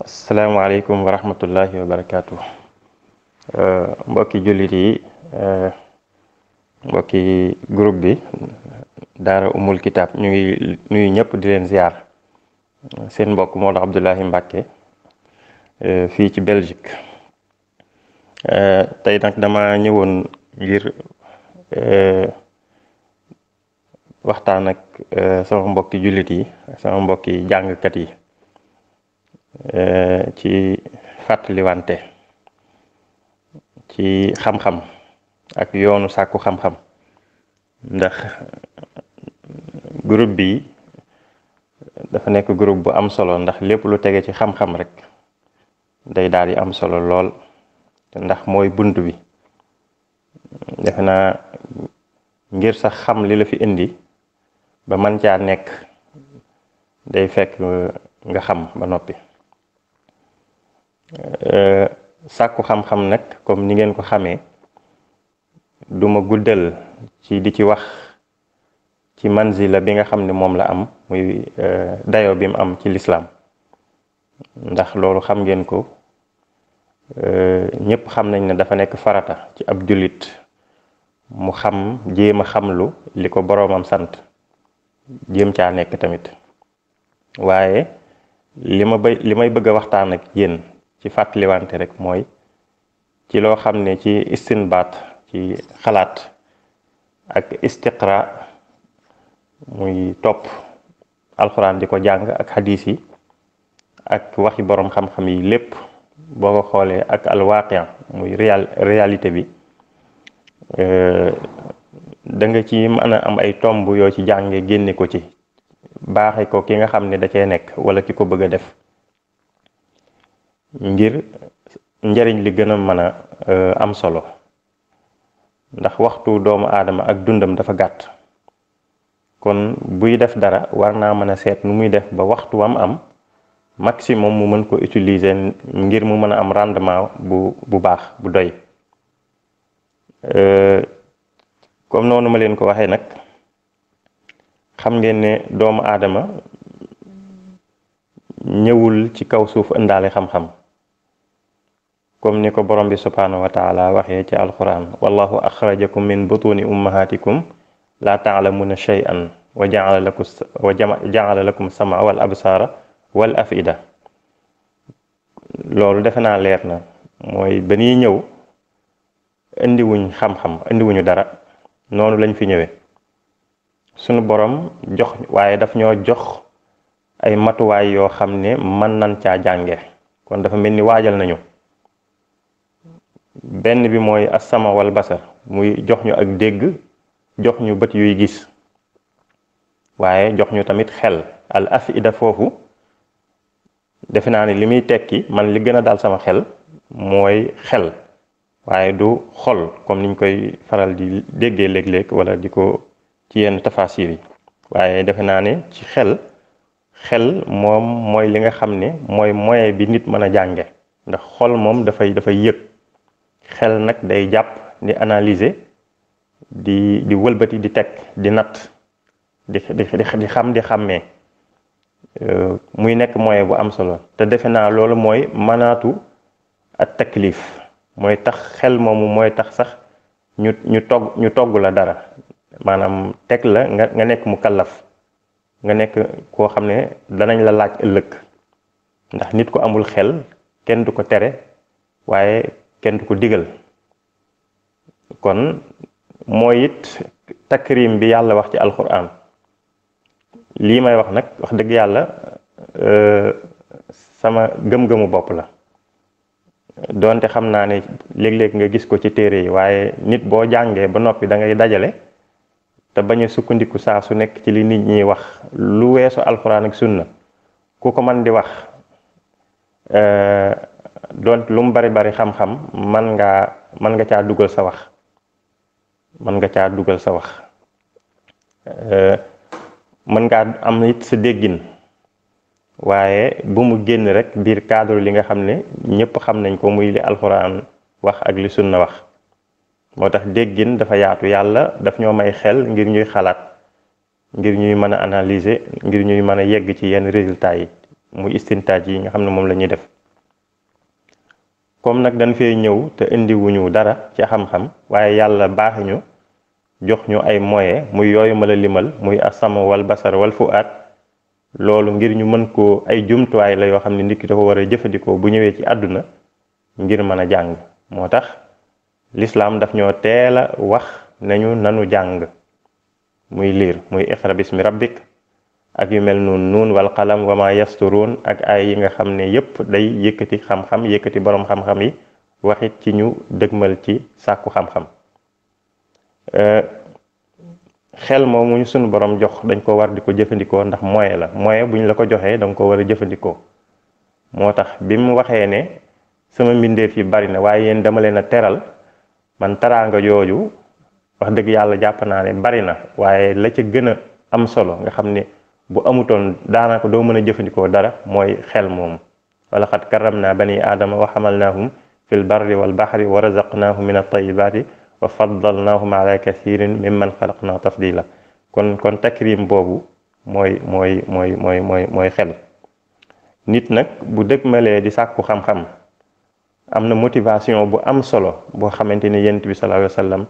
asalaamaaleykum wa rahmatullahi wa uh, mbokki jullit yi uh, mbokki group bi daara umul kitab ñu ngi nuyu ñëpp di leen ziar seen mbokk Maodo Abdoulahi Mbacke uh, fii ci Belgique tey nag dama ñëwoon ngir waxtaan ak sama mbokki jullit yi sama mbokki jàngkat yi Euh, ci fàttaliwante ci xam-xam ak yoonu sàkku xam-xam ndax groupe bi dafa nekk groupe bu am solo ndax lépp lu tege ci xam-xam rek day daal di am solo lool te ndax mooy bunt bi defe naa ngir sax xam li la fi indi ba man caa nekk day fekk nga xam ba noppi Euh, sàkku xam-xam nag comme ni ngeen ko xamee duma guddal ci di ci wax ci manzila bi nga xam ne moom la am muy euh, dayo bi mu am ci lislaam ndax loolu xam ngeen ko euh, ñëpp xam nañ ne dafa nekk farata ci ab jullit mu xam jéem a xamlu li ko boroomam sant jéem caa nekk tamit waaye li ma bay li may bëgg waxtaan ak yéen ci fàttaliwante rek mooy ci loo xam ne ci istinbaat ci xalaat ak istiqra muy topp alxuraan di ko jàng ak xadiis yi ak waxi boroom xam-xam yi lépp boo ko xoolee ak alwaaqian muy réal réalité bi euh, da nga ci mën a am ay tomb yoo ci jànge génne ko ci baaxe ko ki nga xam ne da cee nekk wala ki ko bëgg a def ngir njariñ li gën a mën a euh, am solo ndax waxtu doomu aadama ak dundam dafa gàtt kon buy def dara war naa mën a seet nu muy def ba waxtu am am maximum mu mën ko utiliser ngir mu mën a am rendement bu bu baax bu doy euh, comme noonu ma leen ko waxee nag xam ngeen ne doomu aadama ñëwul ci kaw suuf indaale xam-xam comme ni ko borom bi subhaanahu wa taala waxee ci alquran wallahu axrajakum min butuni ummahatikum la taalamuna shay'an wa jaala lakum wa jaala lakum sama wal absaara wal afida loolu defe naa leer na mooy ba ñuy ñëw indiwuñ xam-xam indiwuñu dara noonu lañ fi ñëwee sunu borom jox waaye daf ñoo jox ay matuwaay yoo xam ne mën nañ caa jànge kon dafa mel ni waajal nañu benn bi mooy asama wal basar muy jox ñu ak dégg jox ñu bët yuy gis waaye jox ñu tamit xel al afida foofu defe naa ne li muy tekki man li gën a daal sama xel mooy xel waaye du xol comme niñ koy faral di déggee léeg-léeg wala di ko ci yenn tafasir yi waaye defe naa ne ci xel xel moom mooy li nga xam ne mooy moyen bi nit mën a jànge ndax xol moom dafay dafay yëg xel nag day jàpp di analyser di di wëlbati di teg di natt di di xam di xàmmee euh, muy nekk moyen bu am solo te defe naa loolu mooy manaatu ak taklif mooy tax xel moomu mooy tax sax ñu ñu togg ñu togg la dara maanaam teg la nga nga nekk mu kallaf nga nekk koo xam ne danañ la laaj ëllëg ndax nit ku amul xel kenn du ko tere waaye kenn du ko digal kon mooy it takrim bi yàlla wax ci alquran lii may wax nag wax dëgg yàlla euh, sama gëm-gëmu bopp la doonte xam naa ne léeg-léeg nga gis ko ci téere yi waaye nit boo jàngee ba noppi da ngay dajale te bañ sukkandiku saa su nekk ci li nit ñi wax lu weesu alxuraan ak sunna ku ko man di wax euh, doon lu mu bari bari xam-xam man ngaa mën nga caa dugal sa wax mën nga caa dugal sa euh, mën ngaa am it sa déggin waaye bu mu génn rek biir cadre li nga xam ne ñëpp xam nañ ko muy li alxuraan wax ak li na wax moo tax déggin dafa yaatu yàlla daf ñoo may xel ngir ñuy xalaat ngir ñuy mën a analyser ngir ñuy mën a yegg ci yenn résultats yi muy istintaaj yi nga xam ne moom la ñuy def comme nag dañ fee ñëw te indiwuñu dara ci xam-xam waaye yàlla baax ñu jox ñu ay moyens muy yooyu ma la limal muy asama wal basar wal fuaat loolu ngir ñu mën ko ay jumtuwaay la yoo xam ne ndikki ki dafa war a jëfandikoo bu ñëwee ci àdduna ngir mën a jàng moo tax lislaam daf ñoo teel a wax nañu nanu jàng muy liir muy iqra bismi rabbik ak yu mel noonu nuun wal qalam wa ma yasturuun ak ay yi nga xam ne yépp day yëkkati xam-xam yëkkati boroom xam-xam yi waxit ci ñu dëgmal ci sàkku xam-xam euh, xel mu ñu sunu borom jox dañ ko war di ko jëfandikoo ndax moyen la moyen bu ñu la ko joxee da ko war a jëfandikoo moo tax bi mu waxee ne sama mbindeef yi bari na waaye yéen dama leen a teral man taraanga yooyu wax dëgg yàlla jàpp naa ne bari na waaye la ca gën a am solo nga xam ne bu amutoon daanaka doo mën a jëfandikoo dara mooy xel moomu wala xat karam naa bani aadama wa xamalnaahum fi lbarri walbaxri wa razaqnaahum min altayibaati wa faddalnaahum ala kathirin mimman xalaqnaa tafdila kon kon takrim boobu mooy mooy mooy mooy mooy mooy xel nit nag bu dëgmalee di sàkku xam-xam am na motivation bu am solo boo xamante ni yent bi sallallahu wa sallam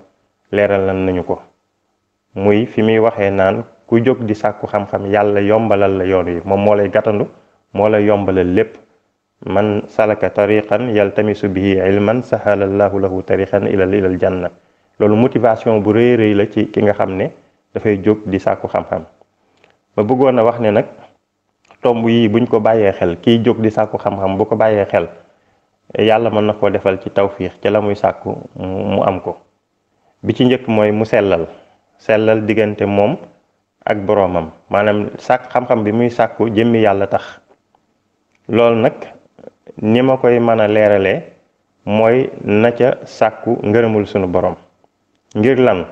leeral lan nañu ko muy fi muy waxee naan ku jóg di sàkku xam-xam yàlla yombalal la yoon wi moom moo lay gàttandu moo lay yombalal lépp man salaka tariqan yaltamisu bihi ilman sahala llahu lahu tariqan ilal ilal janna loolu motivation bu rëy rëy la ci ki nga xam ne dafay jóg di sàkku xam-xam ma a wax ne nag tomb yi buñ ko bàyyee xel kiy jóg di sàkku xam bu ko bàyyee xel yàlla mën na koo defal ci tawfiix ci la muy sàkku mu am ko bi ci njëkk mooy mu sellal sellal diggante moom ak boroomam maanaam sàkk xam-xam bi muy sàkku jëmmi yàlla tax loolu nag ni ma koy mën a leeralee mooy na ca sàkku ngërëmul sunu borom ngir lan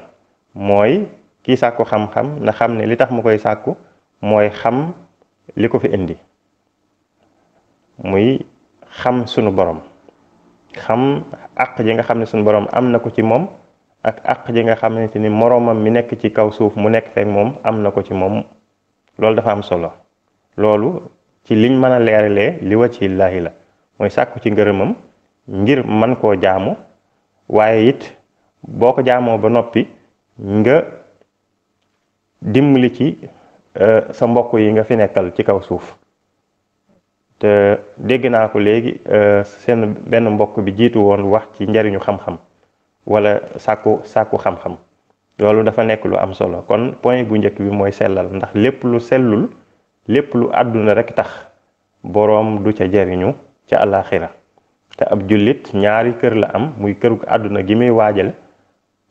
mooy kii sàkku xam-xam na xam ne li tax mu koy sàkku mooy xam li ko fi indi muy xam sunu boroom xam àq ji nga xam ne sunu borom am na ko ci moom ak àq ji nga xamante ni moroomam mi nekk ci kaw suuf mu nekk fekk moom am na ko ci moom loolu dafa am solo loolu ci liñ mën a leeralee li wa ci illaahi la mooy sàkku ci ngërëmam ngir man koo jaamu waaye it boo ko jaamoo ba noppi nga dimbali ci euh, sa mbokk yi nga fi nekkal ci kaw suuf te dégg naa ko léegi euh, seen benn mbokk bi jiitu woon wax ci njariñu xam-xam wala sàkku sàkku xam-xam loolu dafa nekk lu am solo kon point bu njëkk bi mooy sellal ndax lépp lu sellul lépp lu àdduna rek tax boroom du ca jariñu ca àllaaxira te ab jullit ñaari kër la am muy kërug àdduna gi muy waajale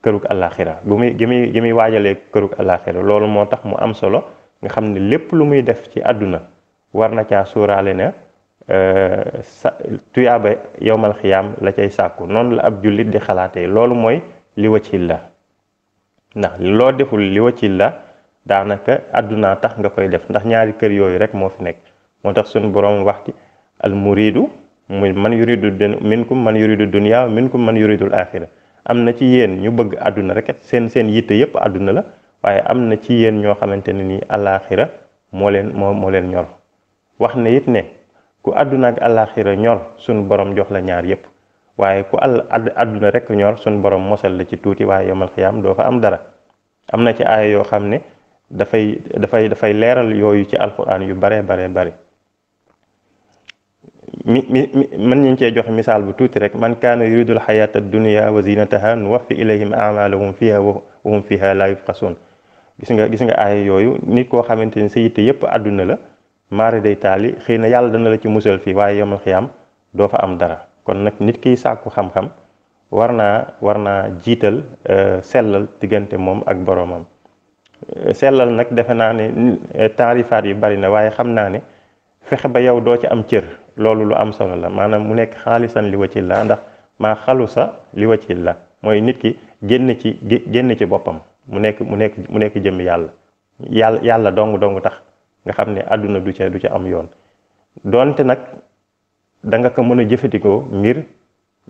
kërug àllaaxira gu muy muy gi muy waajalee kërug àllaaxira loolu moo tax mu am solo nga xam ne lépp lu muy def ci àdduna war na caa suuraale na Euh, sa tuyaaba yowmal xiyaam la cay sàkku noonu la ab jullit di xalaatee loolu mooy li wacil la ndax loo deful li wacil la daanaka àdduna tax nga koy def ndax ñaari kër yooyu rek moo fi nekk moo tax suñu borom waxti al muridu muy man yuridu minkum man yuridu dunya minkum man yuridul axira am na ci yéen ñu bëgg àdduna rek seen seen yitte yépp àdduna la waaye am na ci yéen ñoo xamante ne nii alaaxira moo leen moo leen ñor wax ne it ne ku àdduna ak àllaaxira ñor sunu borom jox la ñaar yépp waaye ku àll àdduna rek ñor sunu borom mosal la ci tuuti waaye yomal xiyaam doo fa am dara am na ci aaya yoo xam ne dafay dafay dafay leeral yooyu ci alquran yu bare bare bare mi mi mën nañ cee jox misaal bu tuuti rek man kaana yuridul xayaata dunya wa zinataha nuwaffi ilayhim amalahum fiha wa hum fiha la yubxasun gis nga gis nga aaya yooyu nit koo xamante ni sa yitte yépp àdduna la maari day taali xëy na yàlla dana la ci musal fii waaye yomal xiyaam doo fa am dara kon nag nit kiy sàkku xam-xam war naa war naa jiital euh, sellal diggante moom ak boroomam euh, sellal nag defe naa ne euh, taarifaat yu bari na waaye xam naa ne fexe ba yow doo ci am cër loolu lu am solo la maanaam mu nekk xaalisam li wacil la ndax maa xalu sa li wacil la mooy nit ki génn ci génn ci boppam mu nekk mu nekk mu nekk jëm yàlla yàlla yàlla dong dong tax nga xam ne àdduna du ca du ca am yoon doonte nag danga ko mën a jëfandikoo ngir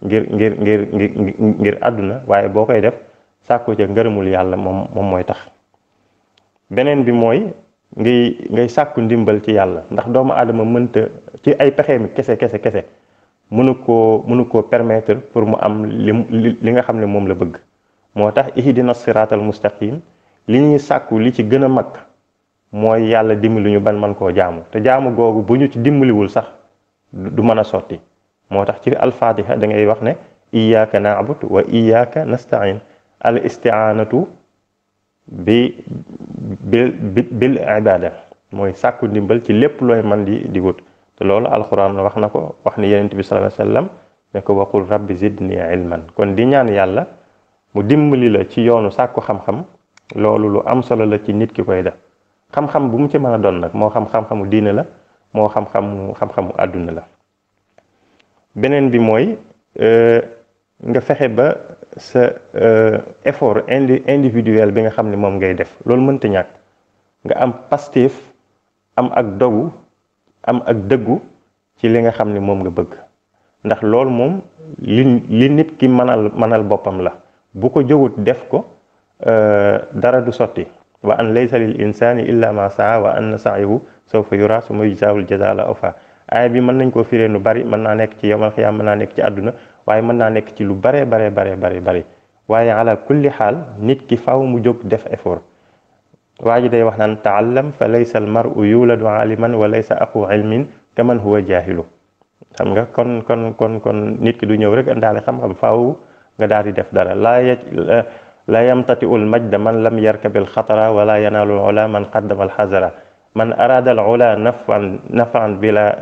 ngir ngir ngir ngir àdduna waaye boo koy def sàkku ca ngërëmul yàlla moom moom mooy tax beneen bi mooy ngay ngay sàkku ndimbal ci yàlla ndax doomu aadama mënta ci ay pexeemi kese kese kese mënu koo mënu koo permetre pour mu am li nga xam ne moom la bëgg moo tax ihdina siraatal mustaqim li ñuy sàkku li ci gën a mag mooy yàlla dimbali ñu ban man koo jaamu te jaamu googu bu ñu ci dimbaliwul sax du mën a sotti moo tax ci alfaatiha da ngay wax ne iyyaka na'budu wa iyyaka nasta'in al isti'anatu bi bil bil ibada mooy sàkku ndimbal ci lépp looy man di di wut te loolu alxuraan wax na ko wax ni yonent bi sallallahu alayhi wasallam ne ko waqul rabbi zidni ilman kon di ñaan yàlla mu dimbali la ci yoonu sàkku xam-xam loolu lu am solo la ci nit ki koy def xam-xam bu mu ci mën a doon nag moo xam xam-xamu diine la moo xam-xamu àdduna la beneen bi mooy euh, nga fexe ba sa euh, effort indi individuel bi nga xam ni moom ngay def loolu mënta ñàkk nga am pastéef am ak dogu am ak dëggu ci li nga xam ni moom nga bëgg ndax loolu moom li li nit ki mënal mënal boppam la bu ko jógut def ko euh, dara du sotti wa an laysa lil insani illa ma saa wa anna sa'yahu sawfa yura summa yujzaahu al jazaa al awfaa bi mën nañ koo firee nu bari mën naa nekk ci yawmal xiyaam mën naa nekk ci àdduna waaye mën naa nekk ci lu baree baree baree baree bari waaye ala kulli xaal nit ki faw mu jog def effort waa ji day wax na taallam fa laysa al maru yuladu aaliman wa laysa axu ilmin kaman huwa jaahilu xam nga kon kon kon kon nit ki du ñëw rek andaale xam-xam faw nga daal di def dara laa la yamtati ul majda man lam yarkabil xatara wala yanaalul ula man qaddama alxazara man araada al ula nafan nafan bila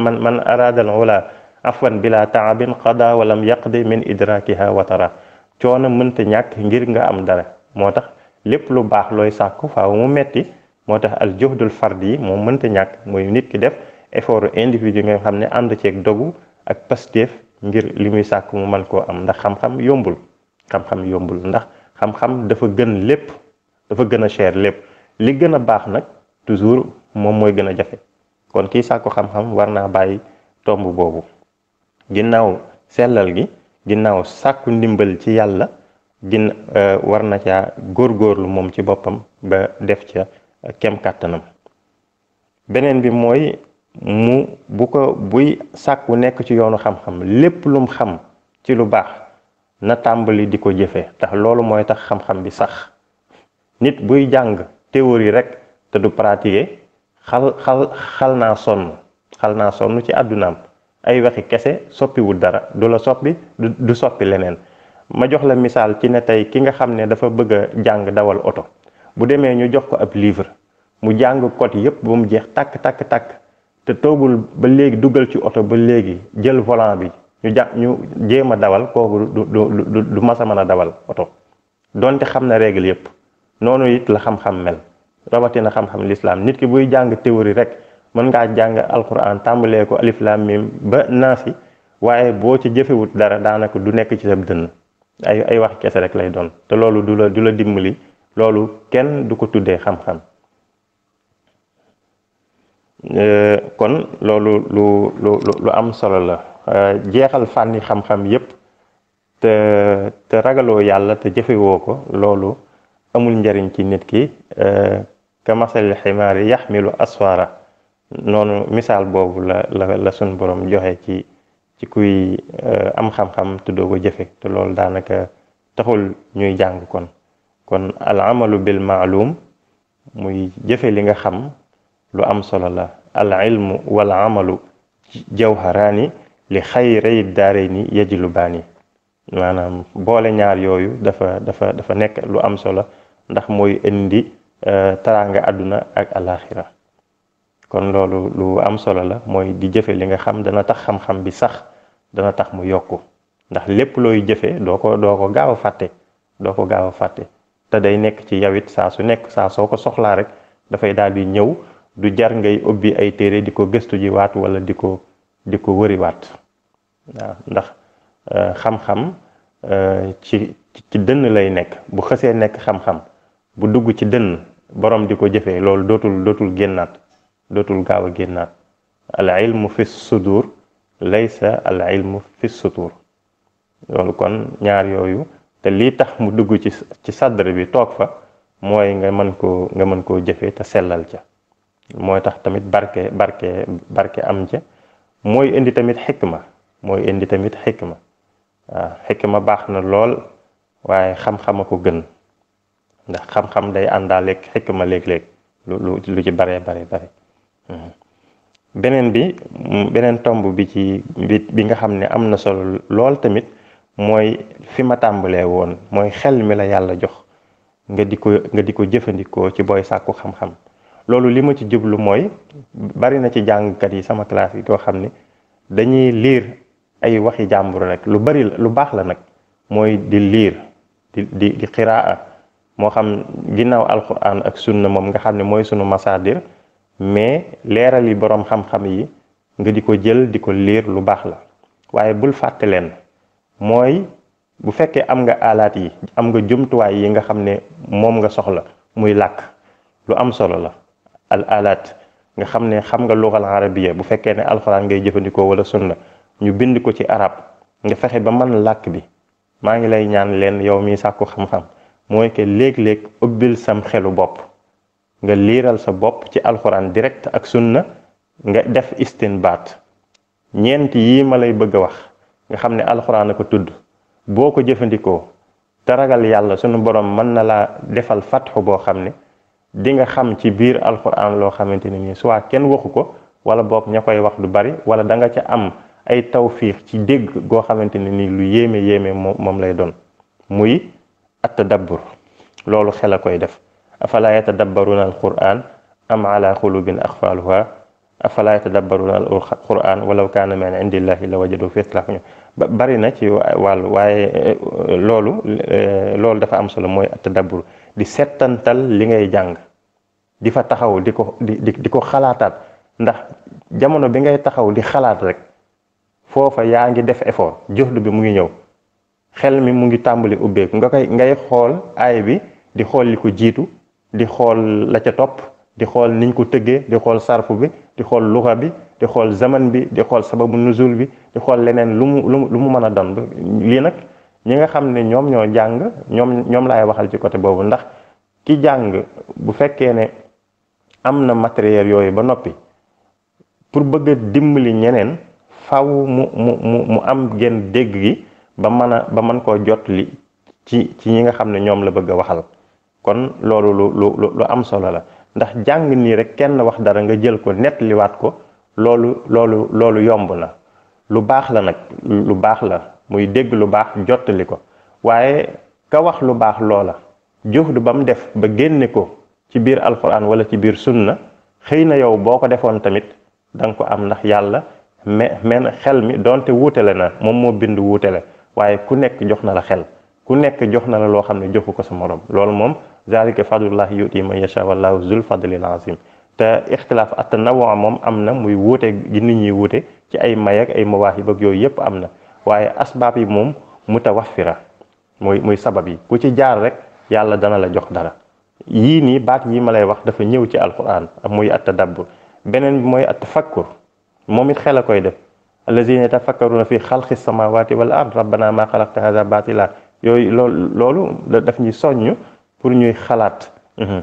man man araada al ula afwan bila taabin qada walam yaqdi min idrakiha watara coono mënta ñàkk ngir nga am dara moo tax lépp lu baax looy sàkku fa mu metti moo tax al juhdul fard yi moo mënta ñàkk mooy nit ki def effort individu nga xam ne ànd ceeg dogu ak pasteef ngir li muy sàkk mu man ko am ndax xam-xam yombul xam-xam yombul ndax xam-xam dafa gën lépp dafa gën a cher lépp li gën a baax nag toujours moom mooy gën a jafe kon kii sàkku xam-xam war naa bàyyi tomb boobu ginnaaw sellal gi ginnaaw sàkku ndimbal ci yàlla gin euh, war na caa góorgóorlu moom ci boppam ba def ca kem kàttanam beneen bi mooy mu bu ko buy sàkku nekk ci yoonu xam-xam lépp lum xam ci lu baax na tàmbali di ko jëfe tax loolu mooy tax xam-xam bi sax nit buy jàng théorie rek te du pratiquer xal xal xal naa sonn xal naa sonn ci àddunaam ay waxi kese soppiwul dara du la soppi du soppi leneen ma jox la misaal ci ne tey ki nga xam ne dafa bëgg jàng dawal oto bu demee ñu jox ko ab livre mu jàng kot yépp bu mu jeex tàkk tàkk tàkk te toogul ba léegi dugal ci oto ba léegi jël volant bi ñu ja ñu jéem a dawal kooku du du du du mas a mën a dawal oto donte xam na règle yëpp noonu it la xam-xam mel rawatina xam-xam lislaam nit ki buy jàng théorie rek mën ngaa jàng alquran tàmbalee ko alif laam mim ba naasi waaye boo ci jëfewut dara daanaka du nekk ci sa dënn ay wax kese rek lay doon te loolu du la du la dimbali loolu kenn du ko tuddee xam-xam euh, kon loolu lu lu lu am solo la. Euh, jeexal fànni xam-xam yépp te te ragaloo yàlla te jëfewoo ko loolu amul njariñ ci nit ki euh, ka masali ximaari yaxmilu aswara noonu misaal boobu la la sun borom joxe ci ci kuy euh, am xam-xam te doo ko jëfe te lool daanaka taxul ñuy jàng kon kon al amalu bil maalum muy jëfe li nga xam lu am solo la al ilmu wal amalu jawharaani li xayray daaray ni yejlu baani maanaam boole ñaar yooyu dafa dafa dafa nekk lu am solo ndax mooy indi euh, taraanga àdduna ak alaxira kon loolu lu am solo la mooy di jëfe li nga xam dana tax xam-xam bi sax dana tax mu yokku ndax lépp looy jëfe doo ko doo gaaw a fàtte doo ko gaaw a fàtte te day nekk ci yawit saa su nekk saa soo ko soxlaa rek dafay daal di ñëw du jar ngay ubbi ay téere di ko gëstu ji waat wala di ko di ko wëriwaat waaw ndax euh, xam-xam euh, ci ci dënn lay nekk bu xësee nekk xam-xam bu dugg ci dënn borom di ko jëfee loolu dootul dootul génnaat dootul gaaw a génnaat al ilmu fi sudur laysa al ilmu fi sutur loolu kon ñaar yooyu te lii tax mu dugg ci ci sadr bi toog fa mooy nga mën koo nga mën koo jëfee te sellal ca mooy tax tamit barke barke barke am ca mooy indi tamit ma mooy indi tamit xikma waaw xikma baax na lool waaye xam a ko gën ndax xam-xam day àndaaleeg xikma léeg-léeg lu lu lu ci bare bare bare mhm. beneen bi beneen tomb bi ci bi nga xam ne am na solo lool tamit mooy fi ma tàmbalee woon mooy xel mi la yàlla jox nga di ko nga di ko jëfandikoo ci booy sàkku xam-xam loolu li ma ci jublu mooy bari na ci jàngkat yi sama classe yi koo xam ni dañuy liir ay waxi jàmbur rek lu bari lu baax la nag mooy di liir di di di moo xam ginnaaw alquran ak na moom nga xam ne mooy sunu masaadir mais leeral yi boroom xam yi nga di ko jël di ko liir lu baax la waaye bul fàtte mooy bu fekkee am nga alaat yi am nga jumtuwaay yi nga xam ne moom nga soxla muy làkk lu am solo la al alat nga xam ne xam nga lugal arabiya bu fekkee ne alxuraan ngay jëfandikoo wala sunna ñu bind ko ci arab nga fexe ba man làkk bi maa ngi lay ñaan leen yow mi sàkku xam-xam mooy que léeg-léeg ubbil sam xelu bopp nga liiral sa bopp ci alxuraan direct ak sunna nga def istinbaat ñeent yii ma lay bëgg a wax nga xam ne alxuraan a ko tudd boo ko jëfandikoo te ragal yàlla sunu borom mën na laa defal fatxu boo xam ne di nga xam ci biir alquran loo xamante ne nii soit kenn waxu ko wala boog ña koy wax du bari wala da nga ca am ay tawfiix ci dégg goo xamante ne nii lu yéeme yéeme moom lay doon muy attadabbur loolu xel a koy def afala yatadabbaruna alquran am ala xulubin axfaaluha afala yatadabbaruna alquran walaw kaana min indillahi la wajadu fi ikhtilafan bari na ci wàllu waaye eh, loolu eh, loolu dafa am solo mooy attadabbur di settantal li ngay jàng di fa taxaw di ko di di ko xalaataat ndax jamono bi ngay taxaw di xalaat rek foofa yaa ngi def effort joxlu bi mu ngi ñëw xel mi mu ngi tàmbali ubbeeku nga koy ngay xool aay bi di xool li ko jiitu di xool la ca topp di xool niñ ko tëggee di xool sarfu bi di xool luxa bi di xool zaman bi di xool sababu nuzul bi di xool leneen lu mu lu mu lu mu mën a doon lii nag ñi nga xam ne ñoom ñoo jàng ñoom ñoom laay waxal ci côté boobu ndax ki jàng bu fekkee ne am na matériel yooyu ba noppi pour bëgg a dimbali ñeneen faw mu mu mu am genn dégg gi ba mën a ba mën koo jot li ci ci ñi nga xam ne ñoom la bëgg a waxal kon loolu lu lu lu am solo la ndax jàng nii rek kenn wax dara nga jël ko nettaliwaat ko loolu loolu loolu yomb na lu baax la nag lu baax la muy dégg lu baax jottali ko waaye ka wax lu baax loola juhdu ba mu def ba génne ko ci biir alquran wala ci biir sunna xëy na yow boo ko defoon tamit da ko am ndax yàlla mais men xel mi donte wuutale na moom moo bind wuutale waaye ku nekk jox na la xel ku nekk jox na la loo xam ne joxu ko sa morom loolu moom zalika fadlullah yuti man yasha wallahu zul fadlil azim te ixtilaaf at tanawwu moom am na muy wuute gi nit ñi wuute ci ay may ak ay mawaahib ak yooyu yépp am na waaye asbaab yi moom mutawaffira muy muy sabab yi ku ci jaar rek yàlla dana la jox dara yii nii baat yi ma lay wax dafa ñëw ci alquran muy at-tadabbur beneen bi mooy at-tafakkur moom it xel a koy def allazina na fi xalqi samawati wal ard rabbana ma xalaqta hada batila yooyu loolu loolu daf ñuy soññ pour ñuy xalaat mm-hmm.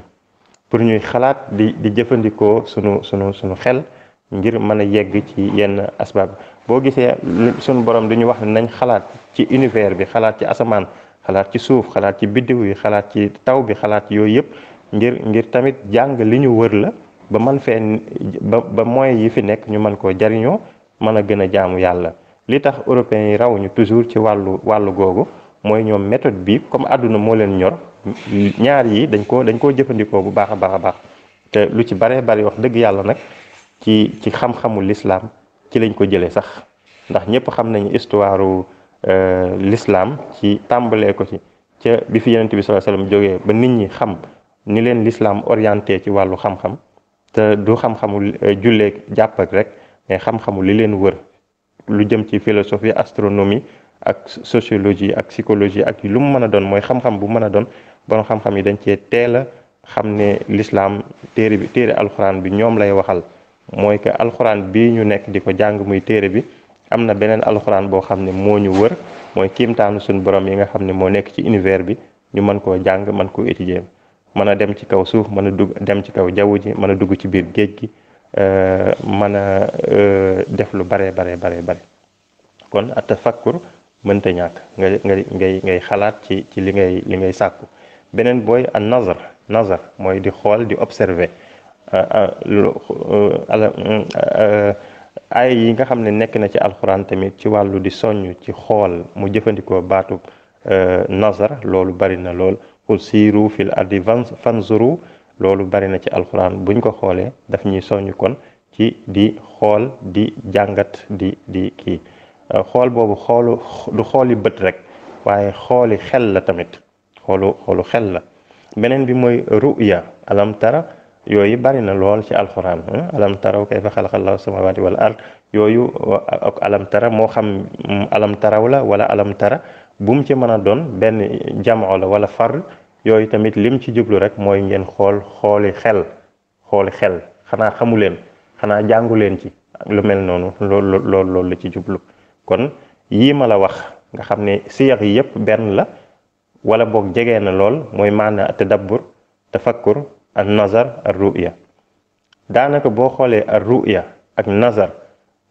pour ñuy xalaat di di jëfandikoo sunu sunu sunu xel ngir mën a yegg ci yenn asbaab boo gisee suñu borom dañu wax nañ xalaat ci univers bi xalaat ci asamaan xalaat ci suuf xalaat ci biddiw yi xalaat ci taw bi xalaat yooyu yëpp ngir ngir tamit jàng li ñu wër la ba man fee ba ba moyens yi fi nekk ñu mën koo jariñoo mën a gën a jaamu yàlla li tax européens yi ñu toujours ci wàllu wàllu googu mooy ñoom méthode bi comme àdduna moo leen ñor ñaar yi dañ ko dañ koo jëfandikoo bu baax a baax a baax te lu ci baree bari wax dëgg yàlla nag ci ci xam-xamu lislaam ci lañ ko jëlee sax ndax ñëpp xam nañu histoire euh, lislaam ci tàmbalee ko ci ca bi fi yonent bi sallallahu alayhi wasallam jógee ba nit ñi xam ni leen lislaam orienté ci wàllu xam te du xam-xamu euh, julleeg jàpp ak rek mais li leen wër lu jëm ci philosophie astronomie ak sociologie ak psychologie ak lu mu mën a doon mooy xam-xam bu mën a doon borom xam-xam yi dañ cee teel a xam ne lislaam téere bi téere alxuraan bi ñoom lay waxal mooy que alxuraan bii ñu nekk di ko jàng muy téere bi am na beneen alxuraan boo xam ne moo ñu wër mooy kiimtaanu suñu borom yi nga xam ne moo nekk ci univers bi ñu mën koo jàng man koo étudier mën a dem ci kaw suuf mën a dugg dem ci kaw jaww ji mën a dugg ci biir géej gi euh, mën a euh, def lu bare bare bare bare kon atafakkur mënta ñàkk nga ngay ngay xalaat ci ci li ngay li ngay sàkku beneen booy an nazar nazar mooy di xool di observer Euh, euh, euh, ay yi nga xam ne nekk na ci alxuraan tamit ci wàllu di soññ ci xool mu jëfandikoo baatub nazar loolu bari na lool xul siiru fil ardi fanzuru loolu bari na ci alxuraan buñ ko xoolee daf ñuy soññ kon ci di xool di jàngat di di kii xool boobu xoolu du xooli bët rek waaye xooli xel la tamit xoolu xoolu xel la beneen bi mooy ruya alam tara yooyu bari na lool ci alxuraan alam taraw kayfa xalaqa llaahu samaawaati yooyu ak alam moo xam alam taraw la wala alam tara bu mu ci mën a doon benn jamoo la wala far yooyu tamit lim ci jublu rek mooy ngeen xool xooli xel xooli xel xanaa xamu leen xanaa jàngu leen ci lu mel noonu loolu loolu loolu jublu kon yii ma la wax nga xam ne siyax yi yëpp benn la wala boog jegee na lool mooy maana tadabbur tafakkur ak nazar al ruya daanaka boo xoolee al ruya ak nazar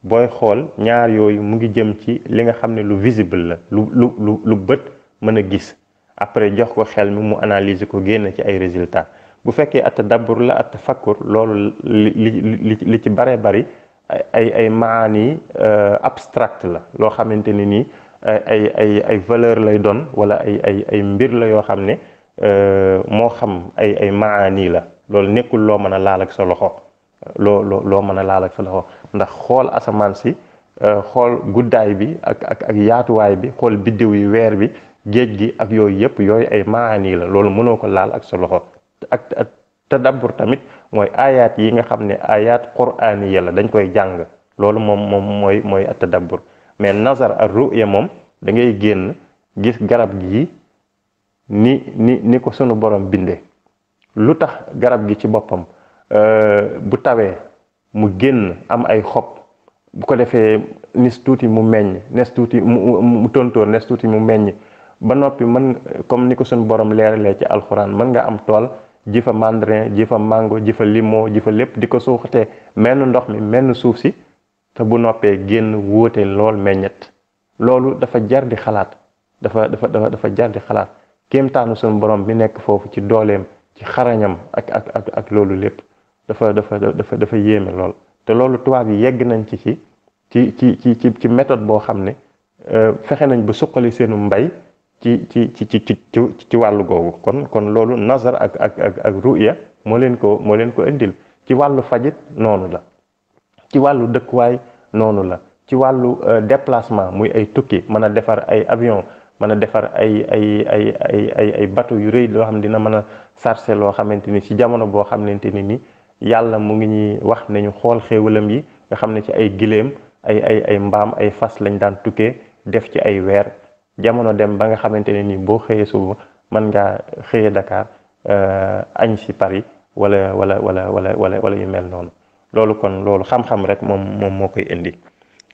booy xool ñaar yooyu mu ngi jëm ci li nga xam ne lu visible la lu lu lu lu bët mën a gis après jox ko xel mi mu analyser ko génn ci ay résultat bu fekkee at dabbur la at fakkur loolu li li li ci bare bari ay ay maani euh, abstract la loo xamante ne nii ay ay ay valeur lay doon wala ay ay ay mbir la yoo xam ne Euh, moo xam ay ay maani la loolu nekkul loo mën a laal ak sa loxo loo loo mën a laal ak sa loxo ndax xool asamaan si euh, xool guddaay bi ak ak ak yaatuwaay bi xool biddiw yi weer bi géej gi ak yooyu yëpp yooyu ay maani la loolu mënoo ko laal ak sa loxo ak ak tadabbur tamit mooy ayaat yi nga xam ne ayaat quraaniya la dañ koy jàng loolu moom moom mooy mooy at tadabbur mais nazar ak ruya moom dangay génn gis garab gi ni ni ni ko sunu borom binde lu tax garab gi ci boppam euh, bu tawee mu génn am ay xob bu ko defee nis tuuti mu meññ nes tuuti mu mu tontóor nes mu meññ ba noppi mën comme ni ko sunu borom leeralee ci alxuraan mën nga am tool jifa mandrin mandarin ji fa mango ji fa limo ji lépp di ko suuxatee menn ndox mi menn suuf si te bu noppee génn wóote lool meññet loolu dafa jardi xalaat dafa dafa dafa dafa jardi xalaat kéemtaanu suñu borom bi nekk foofu ci dooleem ci xarañam ak ak ak ak loolu lépp dafa dafa dafa yéeme lool te loolu tubaab yegg nañ ci ci ci ci ci ci méthode boo xam ne fexe nañ ba suqali seenu mbay ci ci ci ci ci ci wàllu googu kon kon loolu nazar ak ak ak ak moo leen ko moo leen ko indil ci wàllu fajit noonu la ci wàllu dëkkuwaay noonu la ci wàllu déplacement muy ay tukki mën a defar ay avion mën a defar ay ay ay ay ay ay bateau yu rëy loo xam ne dina mën a sarse loo xamante ni ci jamono boo xamante ni ni yàlla mu ngi ñuy wax nañu xool xéewalam yi nga xam ne ci ay giléem ay ay ay mbaam ay fas lañ daan tukkee def ci ay weer jamono dem ba nga xamante ne ni boo xëyee suba man ngaa xëyee Dakar euh, añ si Paris wala wala wala wala wala wala yu mel noonu loolu kon loolu xam-xam rek moom moom moo koy indi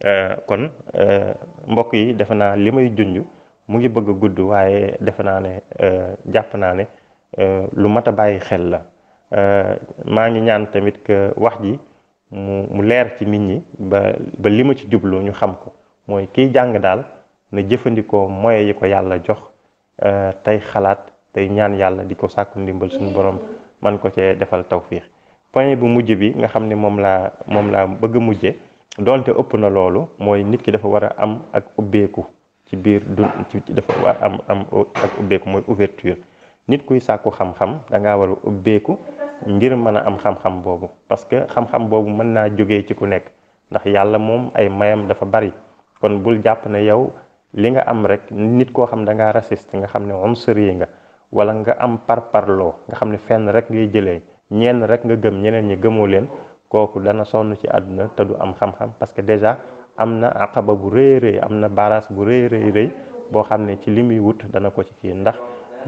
euh, kon euh, mbokk yi defe naa li may junj mu ngi bëgg a gudd waaye defe naa ne euh, jàpp naa ne euh, lu mat a bàyyi xel la euh, maa ngi ñaan tamit que wax ji mu mu leer ci nit ñi ba ba li ma ci jublu ñu xam ko mooy kiy jàng daal na jëfandikoo moye yi ko yàlla jox tey xalaat tey ñaan yàlla di ko sàkku ndimbal suñu borom man ko cee defal tawfiix point bu mujj bi nga xam ne moom laa moom laa bëgg a mujje donte ëpp na loolu mooy nit ki dafa war a am ak ubbeeku ci biir du ci dafa war am am ak ubbeeku mooy ouverture nit kuy sàkku xam-xam da ngaa war a ubbeeku ngir mën a am xam-xam boobu parce que xam-xam boobu mën naa jóge ci ku nekk ndax yàlla moom ay mayam dafa bari kon bul jàpp ne yow li nga am rek nit koo xam da ngaa raciste nga xam ne unsuri nga wala nga am par parloo nga xam ne fenn rek ngay jëlee ñenn rek nga gëm ñeneen ñi gëmoo leen kooku dana sonn ci àdduna te du am xam-xam parce que déjà am na aqaba bu rëy rëy am na baras bu rëy rëy boo xam ne ci li muy wut dana ko ci kii ndax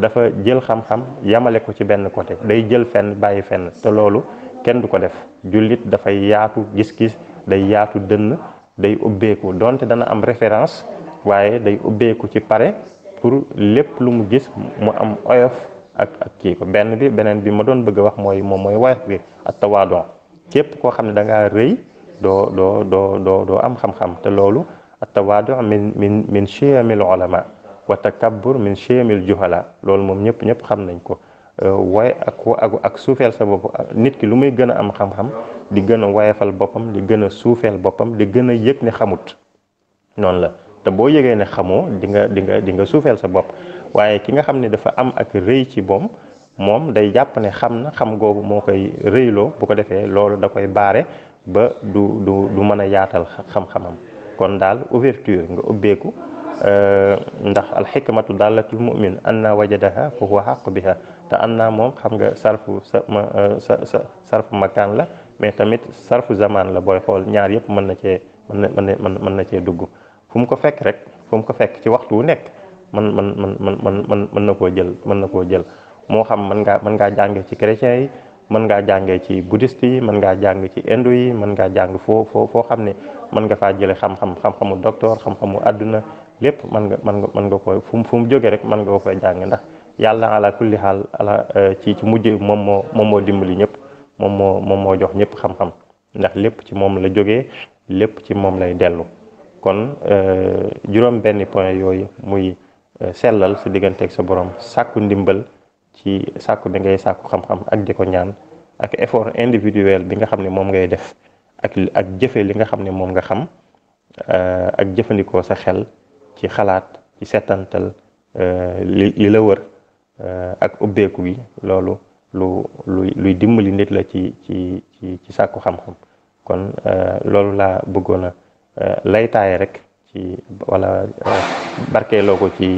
dafa jël xam-xam yamale ko ci benn côté day jël fenn bàyyi fenn te loolu kenn du ko def jullit dafay yaatu gis-gis day yaatu dënn day ubbeeku donte dana am référence waaye day ubbeeku ci pare pour lépp lu mu gis mu am oyof ak ak kii benn bi beneen bi ma doon bëgg a wax mooy moom mooy woyof bi ak tawaadon képp koo xam ne danga ngaa rëy doo doo doo doo doo am xam-xam te loolu attawaadu min min min chiyamil ulama wa takabbur min chiyamil juhala loolu moom ñëpp ñëpp xam nañ ko euh, waaye ak ak ak suufeel sa bopp nit ki lu may gën a am xam-xam di gën a wayefal boppam di gën a suufeel boppam di gën a yëg ne xamut noonu la te boo yëgee ne xamoo di nga di di nga suufeel sa bopp waaye ki nga xam ne dafa am ak rëy ci boom moom day jàpp ne xam na xam googu moo koy rëyloo bu ko defee loolu da koy baare ba du du du mën a yaatal xam-xamam kon daal ouverture nga ubbeeku euh, ndax alxikmatu dallatul mumin anna wajadaha fa huwa xaq biha te anna moom xam nga sarfu sa euh, sa sarfu makaan la mais tamit sarfu zaman la booy xool ñaar yëpp mën na cee mën na mën mën na cee dugg fu mu ko fekk rek fu mu ko fekk ci waxtu wu nekk mën mën mën mën mën mën na koo jël mën na koo jël moo xam mën ngaa mën ngaa jàngee ci chrétien yi mën ngaa jàngee ci bouddhiste yi mën ngaa jàng ci hindu yi mën ngaa jàng foo foo foo xam ne mën nga faa jële xam-xam xam-xamu xam-xamu àdduna lépp mën nga mën nga mën nga koy fu mu fu jógee rek mën nga ko fay jàng ndax yàlla ala kulli xaal ala euh, ci ci mujj moom moo moom moo dimbali ñëpp moom moo moom moo jox ñëpp xam-xam ndax lépp ci moom la jógee lépp ci moom lay dellu kon euh, juróom benn point yooyu muy euh, sellal sa digganteeg sa borom sàkku ndimbal ci sàkku bi ngay sàkku xam-xam ak di ñaan ak effort individuel bi nga xam ne moom ngay def ak ak jëfe li nga xam ne moom nga xam euh, ak jëfandikoo sa xel ci xalaat ci setantal euh, li la wër euh, ak ubbeeku gi loolu lu lu luy dimbali nit la ci ci ci ci sàkku xam-xam kon loolu laa bëggoon a laytaaye rek ci wala barkeeloo ko ci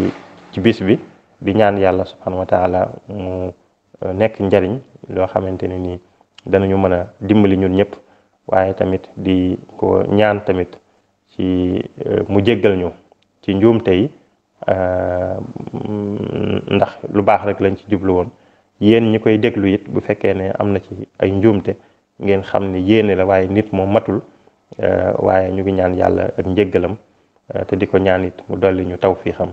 ci bis bi di ñaan yàlla subhanahu wa taala mu uh, nekk njariñ loo xamante ne nii danañu mën a dimbali ñun ñëpp waaye tamit di ko ñaan tamit ci uh, mu jéggal ñu ci njuumte yi uh, ndax lu baax rek lañ ci jublu woon yéen ñi koy déglu yit bu fekkee ne am na ci ay njuumte ngeen xam ne yéene la waaye nit moom matul waaye ñu ngi ñaan yàlla ak njéggalam te di ko ñaan it mu dolli ñu tawfiixam